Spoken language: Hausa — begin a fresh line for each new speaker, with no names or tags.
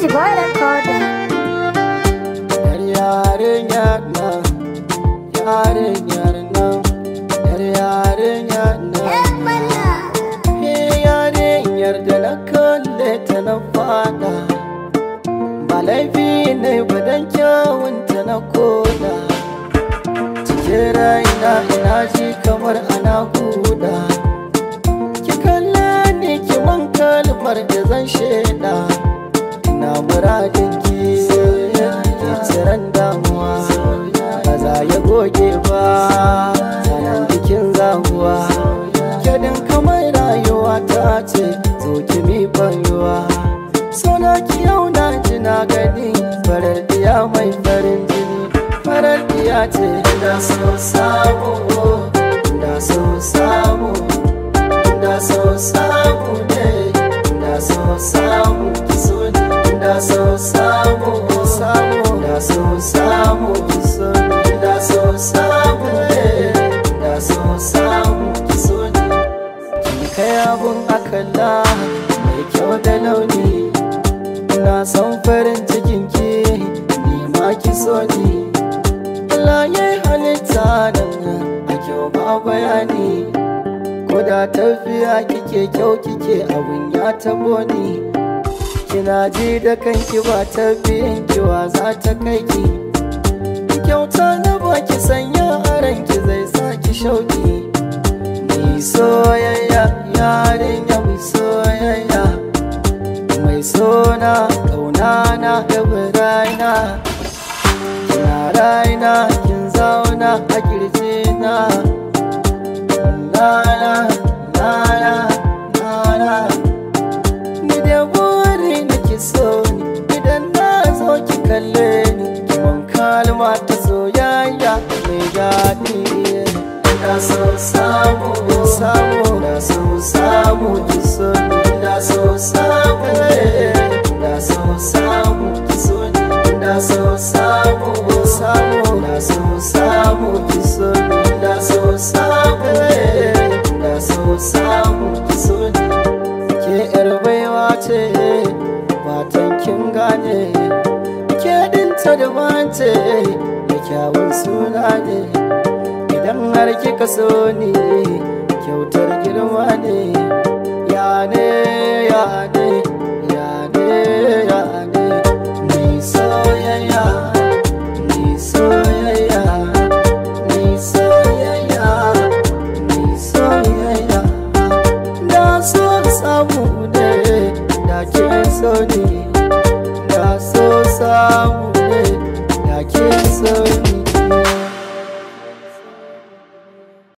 Benji boy recorder. Yar yarin yana, yarin yana, yar yarin eh, yana. da na kalle ta na fada, ba laifi ne ba kyawun ta na koda. Cikin raina ina ji kamar ana kuda. damuwa ba za ya goge ba sanan bikin zaguwa kedin kamar rayuwa ta ce zo ki mi faruwa sona ki yau na ji na gani farar diya mai farin jini farar diya ce da so samu da so samu da so samu ne da so samu abun akalla mai kyau da launi na san farin cikin ki ni ma ki so ni laye halitta nan a kyau ba bayani ko da tafiya kike kyau kike abun ya tabo ni kina ji da kanki ba tafiyan kiwa za ta kai ki kyauta na baki da buraina Yaraina kin zauna a na Nana, nana, nana Ni da buri nake so ni idan na zo ki kalle ni Kiman kalma ta soyayya mai daɗi Na so samu, samu, na so samu ki so ni Na so samu samu so ke yar baiwa ce matan kin gane ke dinta da mace da kyawun suna ne idan har kika so ni kyautar girma ne ya ne ya ne so samu ne da ke so ne